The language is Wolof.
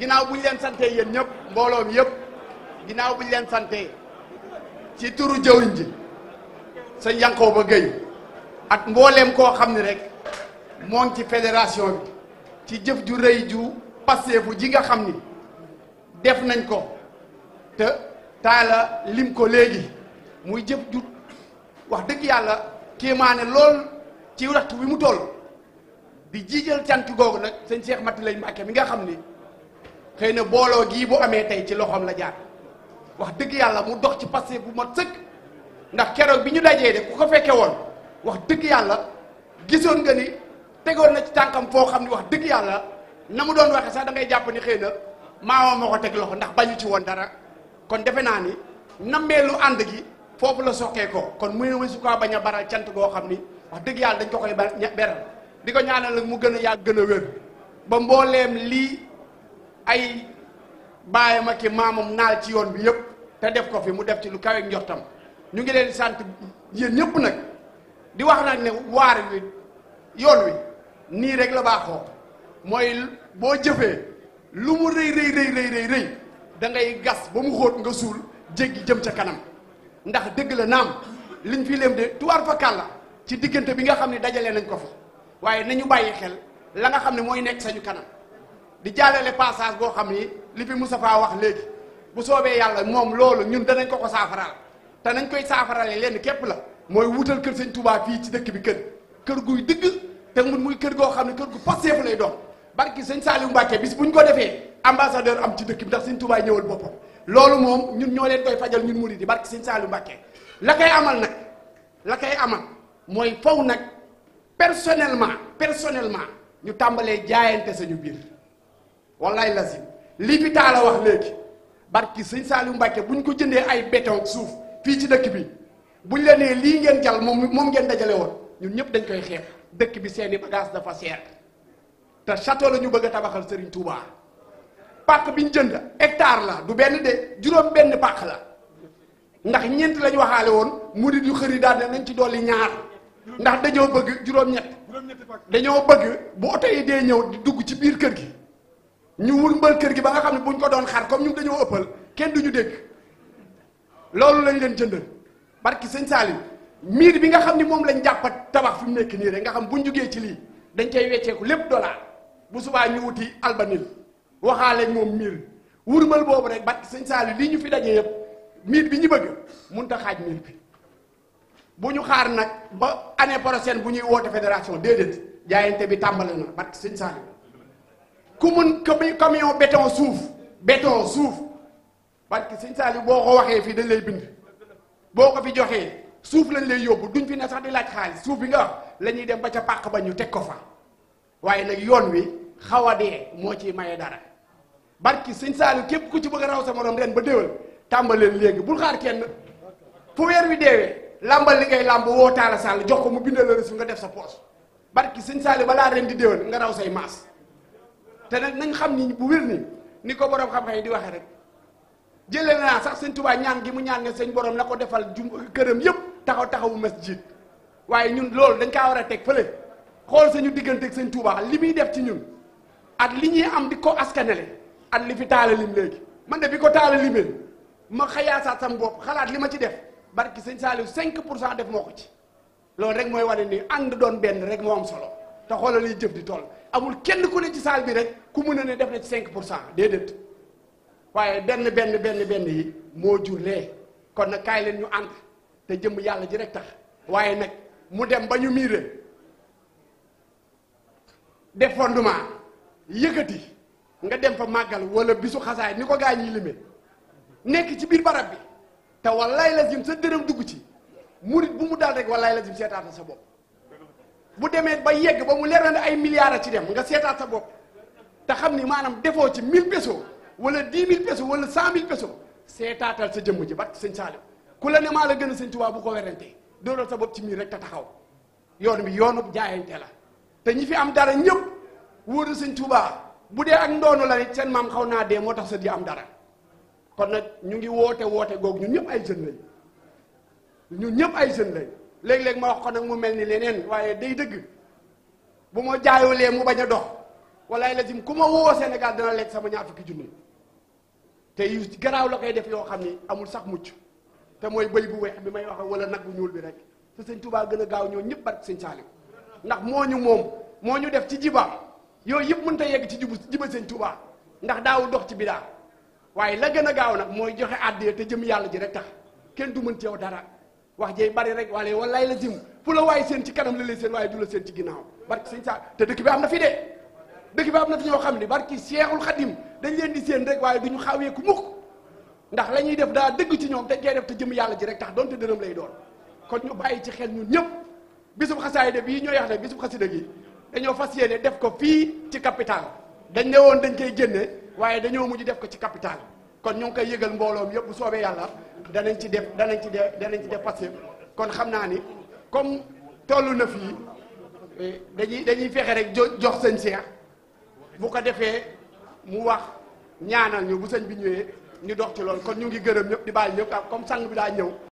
ginnaaw bu ñu leen sante yéen ñëpp mbooloo mi yëpp ginnaaw bu ñu leen sante ci turu jëwriñ ji sëñ Yankooba Gueye ak mbooleem koo xam ne rek moo ci fédération ci jëf ju rëy ju passeefu ji nga xam ni def nañ ko te taala lim ko léegi muy jëf ju wax dëgg yàlla kéemaane lool ci waxtu wi mu toll di jiijal cant googu nag sañ Cheikh Mati lay Mbàkke mi nga xam ni xëy na booloo gii bu amee tey ci loxoom la jaar wax dëgg yàlla mu dox ci passé bu ma sëkk ndax keroog bi ñu dajee de ku ko fekke woon wax dëgg yàlla gisoon nga ni tegoon na ci tànkam foo xam ni wax dëgg yàlla na mu doon waxe sax da ngay jàpp ni xëy na maamam ma ko teg loxo ndax bañu ci woon dara kon defe naa ni nammee lu ànd gi foofu la sokkee ko kon muy ne su ko bañ baral cant goo xam ni wax dëgg yàlla dañ ko koy beral di ko ñaanal nag mu gën a yàgg gën a wér ba mbooleem lii ay baayam ak i maamam naal ci yoon bi yëpp te def ko fi mu def ci lu kawe njortam ñu ngi leen sant yéen ñëpp nag di wax nag ne waar wi yoon wi nii rek la baaxoo mooy boo jëfee lu mu rëy rëy rëy rëy rëy rëy da ngay gas ba mu xóot nga suul jéggi jëm ca kanam ndax dëgg la naam liñ fi leem de tuwaar fa kàlla ci diggante bi nga xam ne dajale nañ ko fa waaye nañu bàyyi xel la nga xam ne mooy nekk sañu kanam di jàllale passage boo xam ni li fi Moustapha wax léegi bu soobee yàlla moom loolu ñun danañ ko ko saafaraal te nañ koy saafarale lenn képp la mooy wutal kër sañ Touba fii ci dëkk bi kër kër guy dëgg te mu muy kër goo xam ne kër gu pasteef lay doon barki sëñ Saliou Mbacke bis bu ñu ko defee ambassadeur am ci dëkk bi ndax sëñ Touba ñëwal boppam loolu moom ñun ñoo leen koy fajal ñun murid yi barki sëñ Saliou Mbacke la koy amal nag la koy amal mooy faw nag personnellement personnellement ñu tàmbalee jaayante sañu biir wallaay la si li bi taa la wax léegi barki sëñ Saliou Mbacke bu ñu ko jëndee ay béton suuf fii ci dëkk bi buñ la nee lii ngeen jal moom moom ngeen dajale woon ñun ñëpp dañ koy xeex dëkk bi seeni bagage dafa seer te château la ñu bëgg a tabaxal Serigne Touba pàq bi ñu jënd hectare la du benn de juróom benn pàq la ndax ñeent lañu waxaale woon murid yu xëri daal ne nañ ci dolli ñaar ndax dañoo bëgg juróom-ñett dañoo bëgg bu oto yi dee ñëw di dugg ci biir kër gi ñu wurmbal kër gi ba nga xam ne buñ ko doon xaar comme ñun dañoo ëppal kenn du ñu dégg loolu lañ leen jëndal barki sëñ Salim miir bi nga xam ni moom lañ jàppa tabax fi mu nekk nii rek nga xam bu buñ jugee ci lii dañ cay wecceeku lépp dollar bu subaa ñu wuti albanil waxaale moom miir wurmal boobu rek barki sëñ Salim lii ñu fi dajee yëpp miir bi ñu bëgg mun a xaaj miir bu ñu xaar nag ba année prochaine bu ñuy woote fédération déedéet jaayante bi tàmbali na bat suñ Saliou ku mun camion béton suuf béton suuf parce que sëñ Saliou boo ko waxee fii dañ lay bind boo ko fi joxee suuf lañ lay yóbbu duñ fi ne sax di laaj xaalis suuf bi nga wax la ñuy dem ba ca pàq ba ñu teg ko fa waaye nag yoon wi xaw a dee moo ciy maye dara barki suñ Saliou képp ku ci bëgg a raw sa morom ren ba déwal tàmbaleen léegi bul xaar kenn fu weer wi deewee làmbal li ngay làmb woo taala Sall jox ko mu bindal la nga def sa poos barki sëñ Sall balaa ren di déwén nga raw say maas te nag nañ xam ni bu wér ni ni ko borom xam-xam yi di waxee rek jëlee naa sax sëñ Tuubaa ñaan gi mu ñaan ne sëñ borom na ko defal jum këram yëpp taxaw taxawu masjid waaye ñun loolu dañ kaa war a teg fële xool sañu diggante ak sëñ Tuubaa li muy def ci ñun at li ñuy am di ko askanale at li fi taalalim léegi man de bi ko taalalimee ma xayaasaat sam bopp xalaat li ma ci def. barki sëñ Saliou 5 pour cent def moo ko ci loolu rek mooy wane ni ànd doon benn rek moo am solo te xoolal liy jëf di tool amul kenn ku ne ci saal bi rek ku mën a ne def na ci 5 pour cent déedéet waaye benn benn benn benn yi moo jur lee kon na kaay leen ñu ànd te jëm yàlla ji rek tax waaye nag mu dem ba ñu miire def fondement yëkkati nga dem fa màggal wala bisu xasaay ni ko gaa ñi lime nekk ci biir barab bi. te wallaay lazim sa dërëm dugg ci murit bu mu dal rek wallaay lazim seetaat na sa bopp bu demee ba yegg ba mu leer ne ay milliards a ci dem nga seetaat sa bopp te xam ni maanaam defoo ci 1000 peso wala 10 000 pesos wala 100 000 pesos seetaatal sa jëmm ji barke sëñ Saliou ku la ne maa la gën a sëñ Tuubaa bu ko werantee dóoral sa bopp ci miir rek te taxaw yoon bi yoonu jaayante la te ñi fi am dara ñëpp wóor na sëñ Tuubaa bu dee ak ndoonu la nit xaw naa dee moo tax sa di am dara. kon nag ñu ngi woote woote googu ñun ñëpp ay jeunes lañ ñu ñëpp ay jeunes lañ léeg-léeg ma wax ko nag mu mel ni leneen waaye day dëgg bu ma jaayulee mu bañ a dox walaay la jim ku ma woo Sénégal dana lekk sama ñaar fukki junni te yu garaaw la koy def yoo xam ni amul sax mucc te mooy bëy bu weex bi may wax wala nag bu ñuul bi rek te sëñ Tuubaa gën a gaaw ñoo ñëpp barke sëñ Saaliw ndax moo ñu moom moo ñu def ci jibaam yooyu yëpp mënut a yegg ci jibu jiba sëñ Tuubaa ndax daawul dox ci bidaa waaye la gën a gaaw nag mooy joxe àddee te jëm yàlla ji rek tax kenn du mën ci yow dara wax jey bari rek wala wallaay la jëm fu la waaye seen ci kanam la leen seen waaye du la seen ci ginnaaw barki sëñ sa te dëkk bi am na fi de am na fi xam ne barki seexul xadim dañ leen di seen rek waaye duñu xawee ku mukk ndax la ñuy def daa dëgg ci ñoom dañ koy def te jëm yàlla ji rek tax doonte dërëm lay doon kon ñu bàyyi ci xel ñun ñëpp bisub xasaayida bii ñoo yax ne bisub xasida gi dañoo fas yéene def ko fii ci capital dañ ne woon dañ koy génne waaye dañoo mujj def ko ci capital kon ñu ngi koy yëgal mbooloom yëpp bu soobee yàlla danañ ci def danañ ci def danañ ci def passé kon xam naa ni comme tollu na fii dañuy dañuy fexe rek jo jox sëñ Cheikh bu ko defee mu wax ñaanal ñu bu sëñ bi ñëwee ñu dox ci lool kon ñu ngi gërëm ñëpp di bàyyi ñëpp comme sang bi daa ñëw.